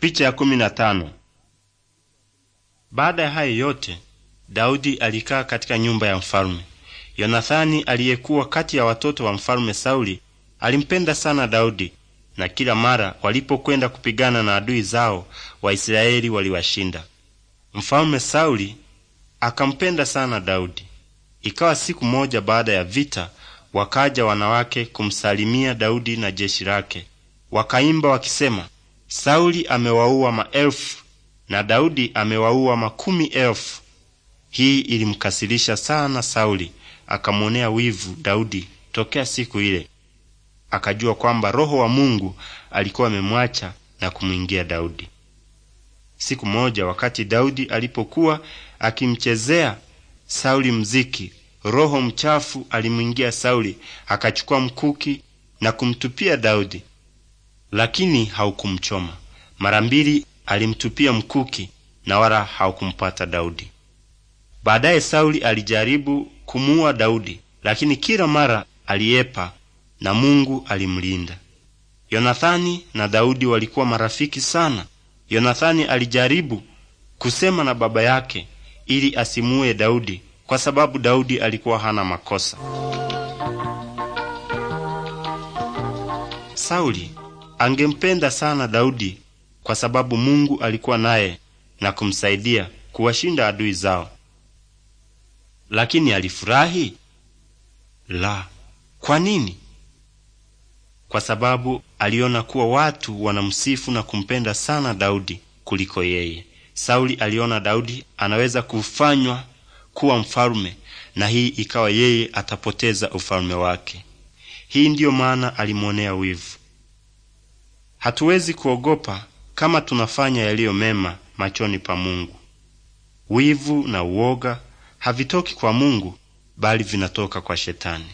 Picha ya kumi na tano. Baada ya hayo yote, Daudi alikaa katika nyumba ya mfalme. Yonathani aliyekuwa kati ya watoto wa mfalme Sauli alimpenda sana Daudi, na kila mara walipokwenda kupigana na adui zao Waisraeli waliwashinda. Mfalme Sauli akampenda sana Daudi. Ikawa siku moja baada ya vita, wakaja wanawake kumsalimia Daudi na jeshi lake, wakaimba wakisema Sauli amewaua maelfu na Daudi amewaua makumi elfu. Hii ilimkasirisha sana Sauli, akamwonea wivu Daudi tokea siku ile. Akajua kwamba Roho wa Mungu alikuwa amemwacha na kumwingia Daudi. Siku moja wakati Daudi alipokuwa akimchezea Sauli mziki, roho mchafu alimwingia Sauli, akachukua mkuki na kumtupia Daudi lakini haukumchoma. Mara mbili alimtupia mkuki na wala haukumpata Daudi. Baadaye Sauli alijaribu kumuua Daudi, lakini kila mara aliepa na Mungu alimlinda. Yonathani na Daudi walikuwa marafiki sana. Yonathani alijaribu kusema na baba yake ili asimue Daudi kwa sababu Daudi alikuwa hana makosa. Sauli Angempenda sana Daudi kwa sababu Mungu alikuwa naye na kumsaidia kuwashinda adui zao. Lakini alifurahi? La. Kwa nini? Kwa sababu aliona kuwa watu wanamsifu na kumpenda sana Daudi kuliko yeye. Sauli aliona Daudi anaweza kufanywa kuwa mfalme, na hii ikawa yeye atapoteza ufalme wake. Hii ndiyo maana alimwonea wivu. Hatuwezi kuogopa kama tunafanya yaliyo mema machoni pa Mungu. Wivu na uoga havitoki kwa Mungu, bali vinatoka kwa Shetani.